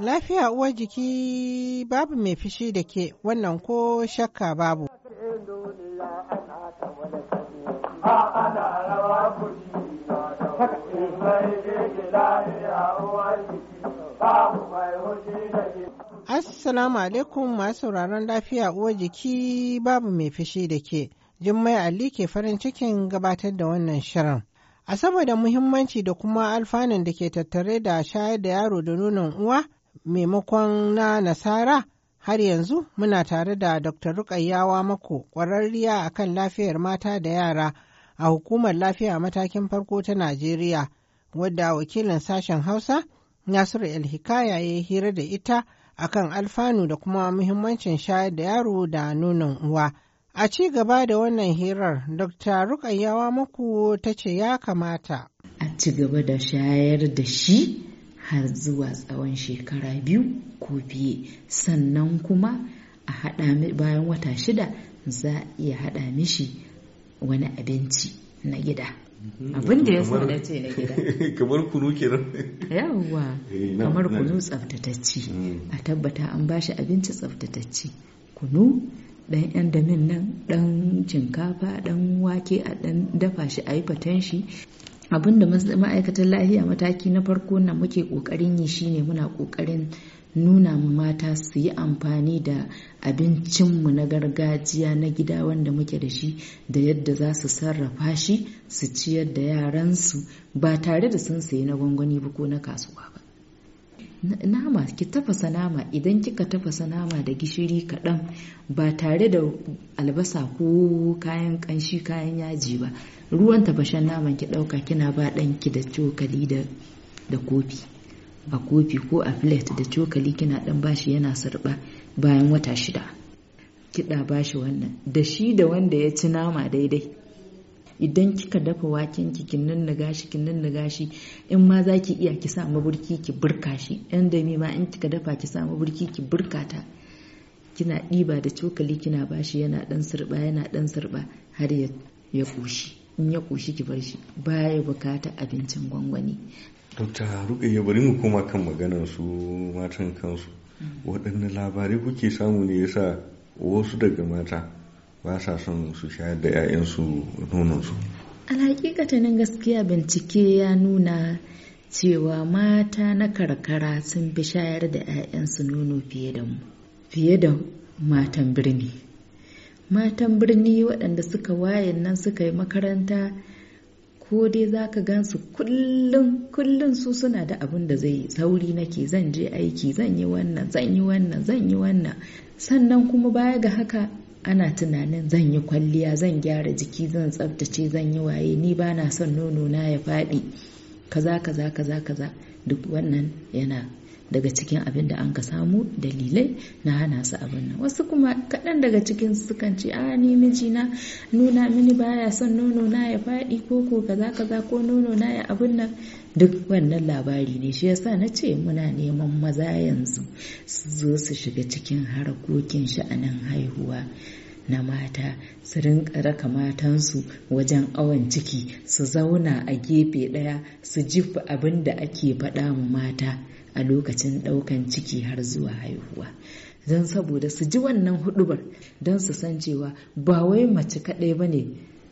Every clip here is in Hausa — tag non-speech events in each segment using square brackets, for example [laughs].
Lafiya uwar jiki babu mai fishi da ke wannan ko shakka babu. Assalamu alaikum masu sauraron lafiya uwar jiki babu mai fishi da ke. Jummai Ali ke farin cikin gabatar da wannan shirin. A saboda muhimmanci da kuma alfanun da ke tattare da shayar da yaro da nonon uwa maimakon na nasara har yanzu muna tare da Dr. Rukayyawa mako ƙwararriya a kan lafiyar mata da yara a hukumar lafiya matakin farko ta Najeriya wadda wakilin sashen Hausa Nasiru El-Hikaya ya hira da ita akan alfanu da kuma muhimmancin shayar da yaro da nonon uwa. A ci gaba da wannan hirar, Dr. Rukayyawa maku ta ce ya kamata. A ci gaba da shayar da shi har zuwa tsawon shekara biyu ko fiye, sannan kuma a haɗa bayan wata shida za a iya haɗa mishi wani abinci na gida. Mhm. Abin da ya sa na ce na gida. [laughs] Kamar kunu kenan. Yawwa, eh, kamar kunu mm. A tabbata an bashi abinci tsaftatacci Kunu dan yan damin nan dan shinkafa ɗan wake a ɗan dafa shi a yi faten shi abin da ma'aikatan lahiya mataki na farko na muke kokarin yi shine muna ƙoƙarin nuna mu mata su yi amfani da abincinmu na gargajiya na gida wanda muke da shi da yadda za su sarrafa shi su ciyar da yaransu ba tare da sun sayi na gwangwani ba ko na kasuwa ba nama ki tafasa nama idan kika tafasa nama da gishiri kaɗan ba tare da albasa ko kayan ƙanshi kayan yaji ba ruwan tafashen naman ki ɗauka kina ba ɗanki da cokali da kofi a kofi ko a filet da cokali kina ɗan bashi yana sarɓa bayan wata shida kiɗa bashi wannan da shi da wanda ya ci nama daidai idan kika dafa waken ki kin nannaga shi kin nan nannaga shi in ma za ki iya ki sa maburki ki burka shi yan da ma in kika dafa ki sa maburki ki burka ta kina ɗiba da cokali kina bashi yana ɗan sirba yana ɗan sirba har ya ƙoshi in ya ƙoshi ki bar shi Ba ya bukata abincin gwangwani dokta ya bari mu koma kan maganar su matan kansu mm. waɗanne labarai kuke samu ne yasa wasu daga mata ba sa son su shayar da 'ya'yansu nononsu nan gaskiya bincike ya nuna cewa mata na karkara sun fi shayar da 'ya'yansu nono fiye da mu fiye da matan birni matan birni waɗanda suka waye nan suka yi makaranta ko dai za ka gansu kullum kullum su suna da abin da zai sauri nake zan je aiki zan yi wannan zan yi wannan zan yi wannan sannan kuma baya ga haka ana tunanin zan yi kwalliya zan gyara jiki zan tsabtace zan yi waye ni ba na son nono na ya faɗi kaza kaza kaza kaza duk wannan yana daga cikin abin da an ka samu dalilai na hana su abin nan wasu kuma kaɗan daga cikin su sukan ce a ah, ni mijina nuna mini baya son nono na ya faɗi ko ko kaza kaza ko nono na ya abin nan duk wannan labari ne shi yasa na ce muna neman maza yanzu su zo su shiga cikin harkokin sha'anin haihuwa na mata su rinka raka matansu wajen awon ciki su zauna a gefe ɗaya su jifa abin da ake faɗa mu mata a lokacin ɗaukan ciki har zuwa haihuwa don saboda su ji wannan hudubar don su san cewa ba wai mace kaɗai ba ne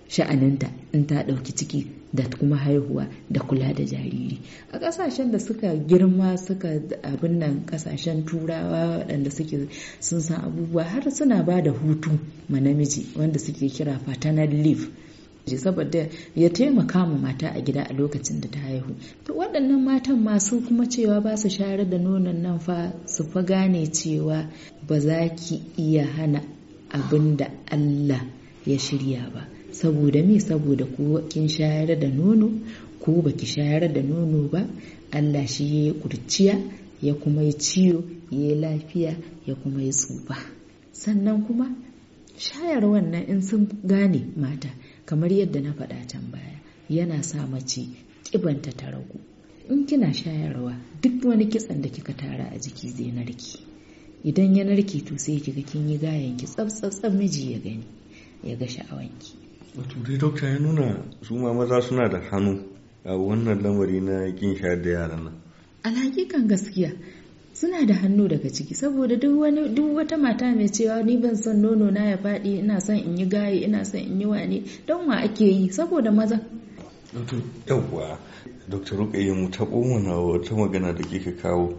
sha'aninta in ta ɗauki ciki da kuma haihuwa da kula da jariri a ƙasashen da suka girma suka abin nan ƙasashen turawa waɗanda suke sun san abubuwa har suna ba da hutu ma namiji wanda suke kira paternal leave saboda ya taimaka ma mata a gida a lokacin da ta haihu to waɗannan matan masu kuma cewa ba su share da nonon nan fa su fa gane cewa ba za ki iya hana abin da Allah ya shirya ba saboda me saboda ko kin share da nono ko baki shayar da nono ba Allah shi ya yi kurciya ya kuma yi ciwo ya yi lafiya ya kuma yi tsufa sannan kuma shayar nan in sun gane mata kamar yadda na faɗa can baya yana sa mace ƙibanta ta ragu in kina shayarwa duk wani kitsan da kika tara a jiki zai narke idan ya narke to sai kiga kin yi gayan ki miji ya gani ya ga sha'awanki wato dai dokta ya nuna su ma maza suna da hannu a wannan lamari na kin shayar da yaran nan alhakikan gaskiya suna da hannu daga ciki saboda duk wata mata mai cewa ni ban son nono na ya faɗi ina son in yi gaye ina son in yi wane don wa ake yi saboda maza yawwa dr mu ta mana wata magana da kika kawo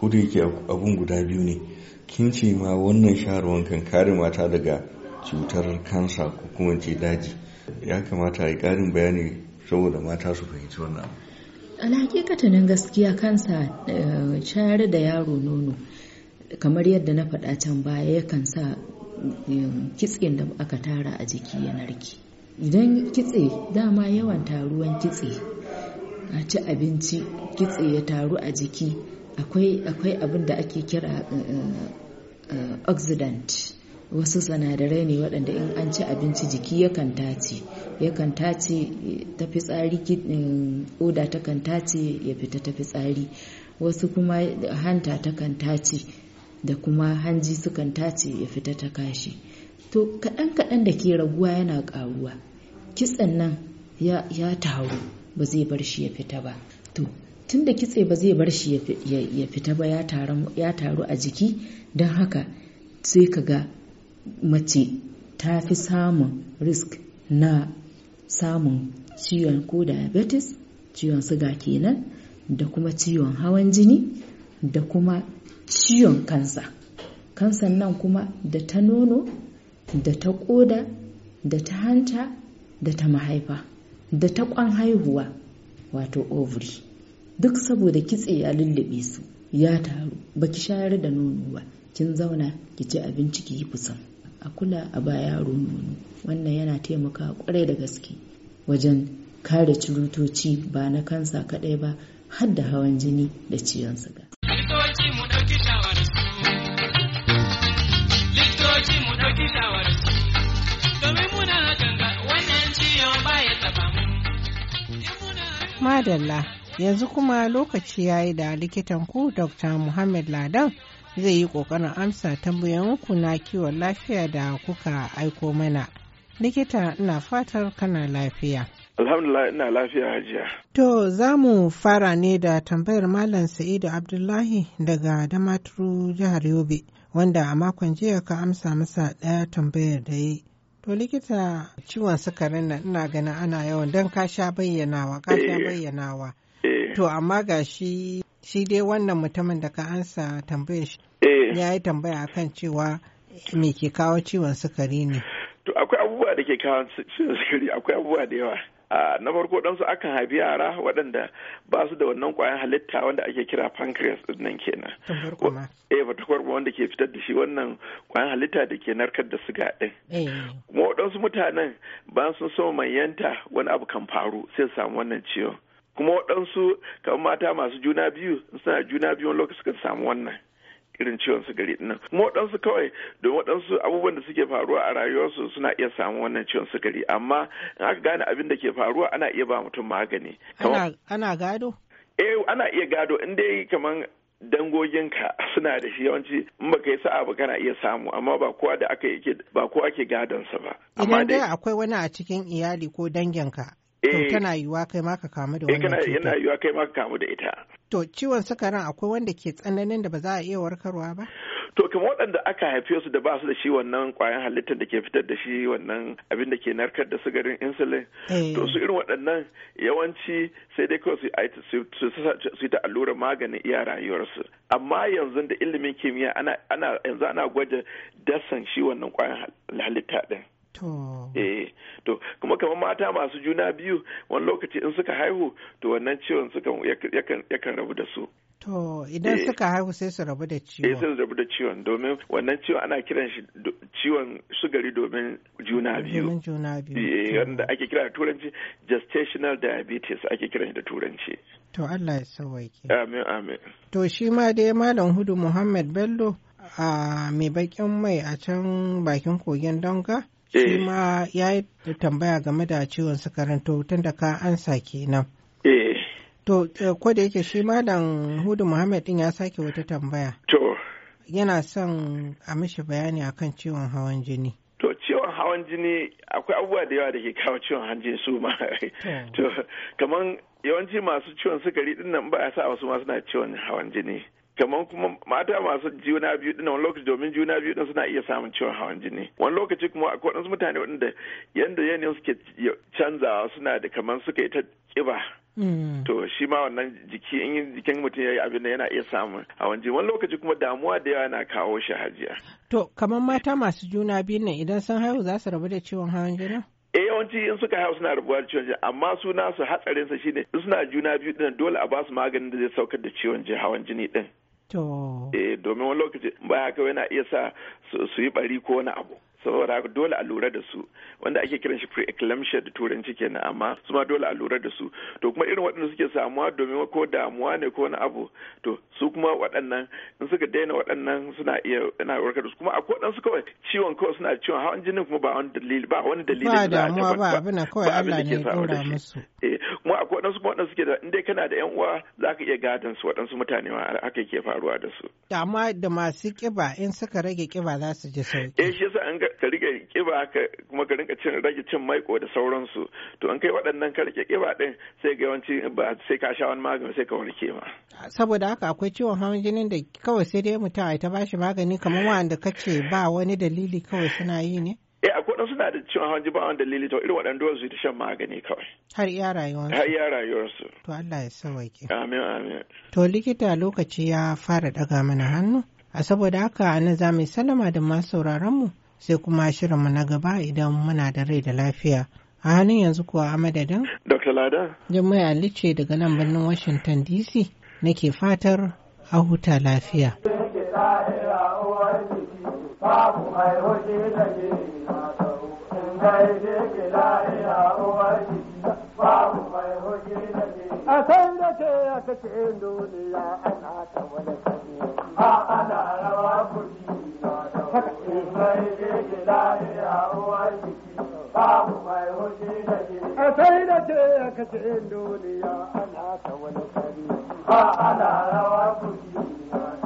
ko da yake abun guda biyu ne kin ce ma wannan sharuwan kan kare mata daga cutar kansa ko kuma ce daji ya kamata a yi ƙarin bayani saboda mata su fahimci wannan abu nan gaskiya kansa eh, share da yaro nono kamar yadda na faɗa can baya yakan sa eh, kitsen da aka tara a jiki ya narke idan kitse dama yawan taruwan kitse a ci abinci kitse ya taru a jiki akwai abin da ake kira eh, oxidant wasu sinadarai ne waɗanda in an ci abinci jiki yakan tace yakan tace ta fitsari oda kanta tace ya fita ta fitsari wasu kuma hanta ta kanta tace da kuma hanji su sukan tace ya fita ta kashi to kaɗan-kaɗan da ke raguwa yana ƙaruwa kitsen nan ya taru ba zai bar shi ya fita ba to tun da kitse ba zai bar shi ya fita ba ya taru a jiki don haka sai ka ga mace ta fi samun risk na samun ciwon ko diabetes ciwon suga kenan da kuma ciwon hawan jini da kuma ciwon kansa kansan nan kuma da ta nono da ta koda da ta hanta da ta mahaifa da ta kwan haihuwa wato ovary duk saboda kitse ya lullube su ya taru baki shayar da nono ba kin zauna ki ci abinci ki yi kusan. a kula a ba yaro nono wannan yana taimaka kwarai da gaske wajen kare cirutoci ba na kansa kadai ba har da hawan jini da ciwon suga likitoci madalla yanzu kuma lokaci ya yi da likitan ku dr muhammad ladan zai yi kokarin amsa tambayoyinku na kiwon lafiya da kuka aiko mana likita ina fatar kana lafiya alhamdulillah ina lafiya hajiya to za mu fara ne da tambayar malam sa'idu abdullahi daga damaturu jihar yobe wanda a makon jiya ka amsa masa ɗaya tambayar da yi To likita ciwon sukarin nan ina ganin ana yawan don ka sha bayyanawa, ka sha eh. bayyanawa. To amma ga shi shi dai wannan mutumin da ka ansa tambayar shi eh. ya yi tambaya kan cewa me ke kawo ciwon sukari ne. To akwai abubuwa da ke kawo ciwon sukari akwai abubuwa da yawa. Ah, na farko dan su akan haifi yara waɗanda ba su da wannan ƙwayan halitta wanda ake kira pancreas din nan kenan eh fatakwar wanda ke fitar da shi wannan ƙwayan halitta da ke narkar da siga ɗin eh. kuma waɗansu mutanen ba sun so manyanta wani abu kan faru sai su samu wannan ciwon kuma waɗansu kan mata masu juna biyu suna juna biyu wani lokaci samu wannan irin ciwon sukari dinnan kuma waɗansu kawai don waɗansu abubuwan da suke faruwa a rayuwarsu suna iya samun wannan ciwon gari. amma in aka gane abin da ke faruwa ana iya ba mutum magani. ana gado? eh ana iya gado in dai kamar dangoginka suna da shi yawanci in baka yi sa'a ba kana iya samu amma ba kowa da aka ba kowa ke gadon sa ba. Idan dai akwai wani a cikin iyali ko danginka To eh. tana yiwuwa kai ma ka kamu da eh, wannan cuta. Yana yiwuwa kai ma ka kamu da ita. To ciwon sukarin akwai wanda ke tsananin da ba za a iya warkarwa ba? To kamar waɗanda aka haife su da ba su da shi wannan ƙwayan halittar da ke fitar da shi wannan abin da ke narkar da sigarin insulin. Eh. To su irin waɗannan yawanci sai dai kawai su yi ta allurar maganin iya rayuwarsu. Amma yanzu da ilimin kimiyya ana yanzu ana gwada dasan shi wannan ƙwayan halitta ɗin. eh to kuma kamar mata masu juna biyu wani lokaci in suka haihu to wannan ciwon suka yakan rabu da su To idan eh. suka haihu sai su rabu da ciwon. Eh sai su rabu da ciwon domin wannan ciwon ana kiran shi ciwon sugari domin juna biyu. Domin juna biyu. Eh wanda ake kira da turanci gestational diabetes ake kiran shi da turanci. To Allah ya sauwaƙe. Amin amin. To shi ma dai Malam Hudu Muhammad Bello a mai bakin mai a can bakin kogin Donga shi eh. ma ya yi tambaya game da ciwon sukarin to tun da ka ansa kenan. Eh. To eh, ko da yake shi malam Hudu Muhammad din ya sake wata tambaya. To. Yana son a mishi bayani akan ciwon hawan jini. To ciwon hawan jini akwai abubuwa da yawa da ke kawo ciwon hawan jini su ma. To kamar yawanci masu ciwon sukari din nan ba a sa wasu ma suna ciwon hawan jini. kamar kuma mata masu juna biyu din wani lokaci domin juna biyu din suna iya samun ciwon hawan jini wani lokaci kuma akwai wadansu mutane waɗanda yanda yanayin suke canzawa suna da kamar suka yi ta ƙiba hmm. to shi ma wannan jiki in jikin mutum ya yi abin da yana iya samun hawan jini wani lokaci kuma damuwa da yawa na kawo shi hajiya. to kamar mata masu juna biyu nan idan sun haihu za su rabu da ciwon hawan jini. E, eh, yawanci in suka haihu suna rabuwa da ciwon jini amma su nasu hatsarinsa shine in suna juna biyu din dole a ba su maganin da zai saukar da ciwon hawan jini din. eh domin wani lokaci baya kawai yana iya sa su yi bari ko wani abu saboda dole a lura da su wanda ake kiran shi preeclampsia da turanci kenan amma su ma dole a lura da su to kuma irin waɗanda suke samuwa domin ko damuwa ne ko wani abu to su kuma waɗannan in suka daina waɗannan suna iya ina warkar da su kuma a ko su kawai ciwon kawai suna ciwon hawan jinin kuma ba wani dalili ba wani dalili ba damuwa ba abin kawai Allah ne ya dora musu eh kuma akwai su kuma waɗanda suke da in dai kana da yan uwa zaka iya gadon su waɗansu mutane ma haka yake faruwa da su amma da masu kiba in suka rage kiba za su ji sauki eh shi yasa an ka rike kiba kuma ka rinka cin rage cin maiko da sauransu to an kai waɗannan ka rike kiba din sai ga yawanci ba sai ka sha wani magani sai ka warke ma saboda haka akwai ciwon hawan jinin da kawai sai dai mutum ai ta bashi magani kamar wanda kace ba wani dalili kawai suna yi ne eh akwai wadansu suna da ciwon hawan jini ba wani dalili to irin waɗanda su ta shan magani kawai har iya rayuwarsu har iya rayuwarsu to Allah ya sauke amin amin to likita lokaci ya fara daga mana hannu a saboda haka nan za mu salama da masu sauraron mu sai kuma shirinmu na gaba idan muna da rai da lafiya. A hannun yanzu kuwa a madadin? Dr. Lada. Jummai Ali daga nan birnin Washington DC nake fatar a huta lafiya. Babu a san da ke a cikin duniya ana ta wani sani a ana rawa kuɗi na da wani mai jiki lahiya uwa jiki babu mai hoji da jiki a san da ke a ce, duniya ana ta wani sani a ana rawa kuɗi na da